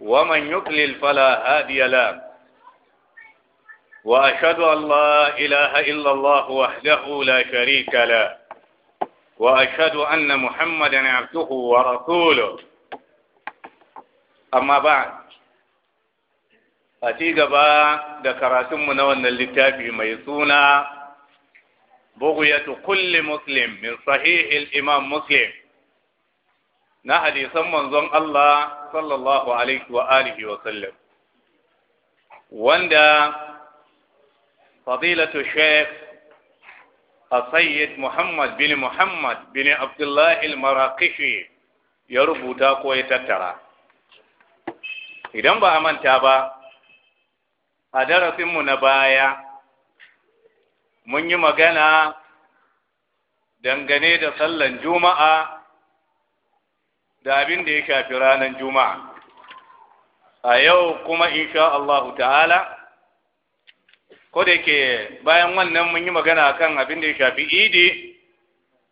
ومن يكلل فلا هادي له وأشهد أن لا إله إلا الله وحده لا شريك له وأشهد أن محمدا عبده ورسوله أما بعد أتي با ذكرتم من أن اللتابي ميسونا بغية كل مسلم من صحيح الإمام مسلم na hadisan manzon Allah sallallahu alaihi wa alihi wa sallam wanda fadilatu sheikh السيد muhammad bin muhammad bin عبد الله المراقشي ya rubuta ko ya tattara idan ba a manta ba a darasinmu na baya mun yi magana dangane da sallan juma'a da abin da ya shafi ranar juma'a a yau kuma insha Allahu ta'ala ko da yake bayan wannan mun yi magana kan abin da ya shafi idi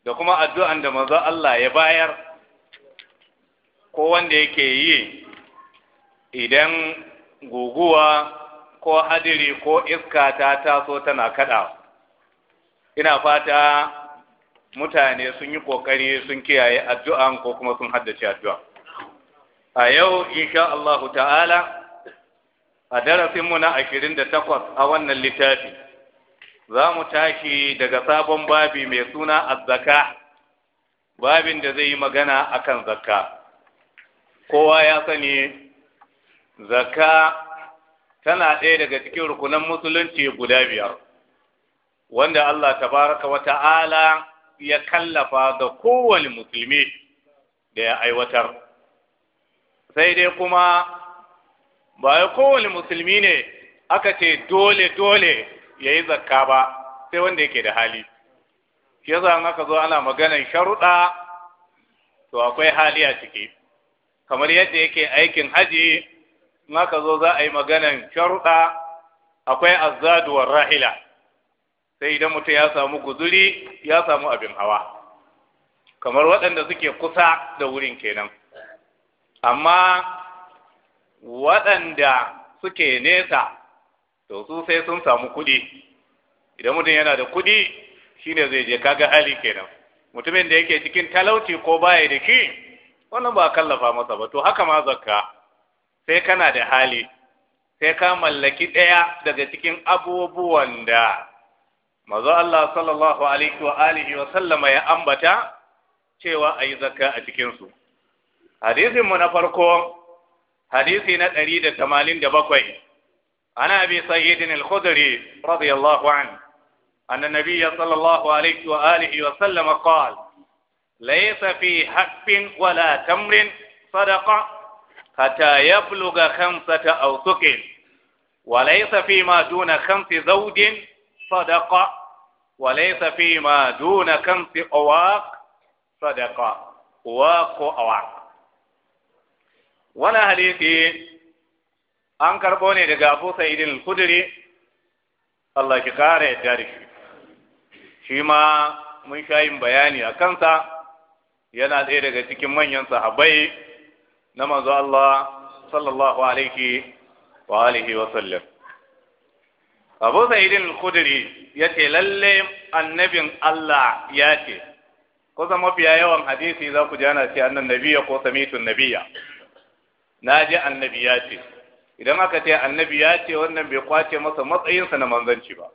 da kuma addu'an da manzo Allah ya bayar ko wanda yake yi idan guguwa ko hadiri ko iska ta taso tana kaɗa, ina fata mutane sun yi kokari sun kiyaye addu'a, ko kuma sun haddace addu'a a yau insha Allahu ta'ala a darasin mu na ashirin da takwas a wannan littafi za mu tashi daga sabon babi mai suna azzaka babin da zai yi magana akan zakka kowa ya sani zakka tana ɗaya daga cikin rukunan musulunci guda biyar wanda Allah tabaraka wa ta'ala ya kallafa ga kowane musulmi da ya aiwatar sai dai kuma ba ya kowane musulmi ne aka ce dole dole ya yi zakka ba sai wanda yake da hali shi yasa aka zo ana maganan sharuɗa to akwai hali a ciki kamar yadda yake aikin haji in aka zo za a yi maganan sharuɗa akwai azzaduwar rahila sai idan mutum ya samu guzuri ya samu abin hawa kamar waɗanda suke kusa da wurin kenan amma waɗanda suke nesa to su sai sun samu kuɗi idan mutum yana da kuɗi shine zai je kaga hali kenan mutumin da yake cikin talauci ko baya da ki wannan ba kallafa masa ba to haka ma zakka sai kana da hali sai ka mallaki ɗaya daga cikin abubuwan da manzo Allah sallallahu alaihi wa alihi wa sallama ya ambata cewa ayi zakka a cikin su hadisin mu na farko hadisi na 187 ana abi sayyidin al-khudri radiyallahu anhu anna nabiyya sallallahu alaihi wa alihi wa sallama qala ليس في حق ولا تمر صدقة حتى يبلغ خمسة أو ثقل وليس فيما دون خمس زوج صدقة وليس فيما دون كنف أواق صدقة أواق أواق Wani hadisi an karɓo ne daga Abu Sa'id al-Khudri Allah ki kare yadda da shi shi ma mun sha yin bayani a kansa yana ɗaya daga cikin manyan sahabbai na manzo Allah sallallahu alaihi wa alihi wa sallam abu zaidin kudiri ya ce lalle annabin Allah ya ce kusa mafiya yawan hadisi za ku jana ce annan nabiya ko samitun nabiya na ji annabi ya ce idan aka ce annabi ya ce wannan bai kwace masa matsayinsa na manzanci ba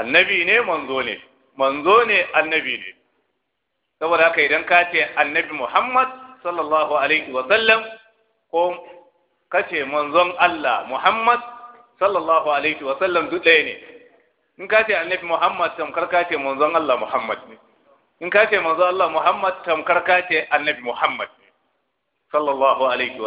annabi ne manzo ne manzo ne annabi ne saboda haka idan ka ce annabi muhammad sallallahu alaihi wasallam ko ka ce manzon allah muhammad sallallahu alaihi wa sallam duk ɗaya ne in ka ce annabi Muhammad tamkar ka ce manzon Allah Muhammad ne in ka ce manzon Allah Muhammad tamkar ka ce annabi Muhammad ne sallallahu alaihi wa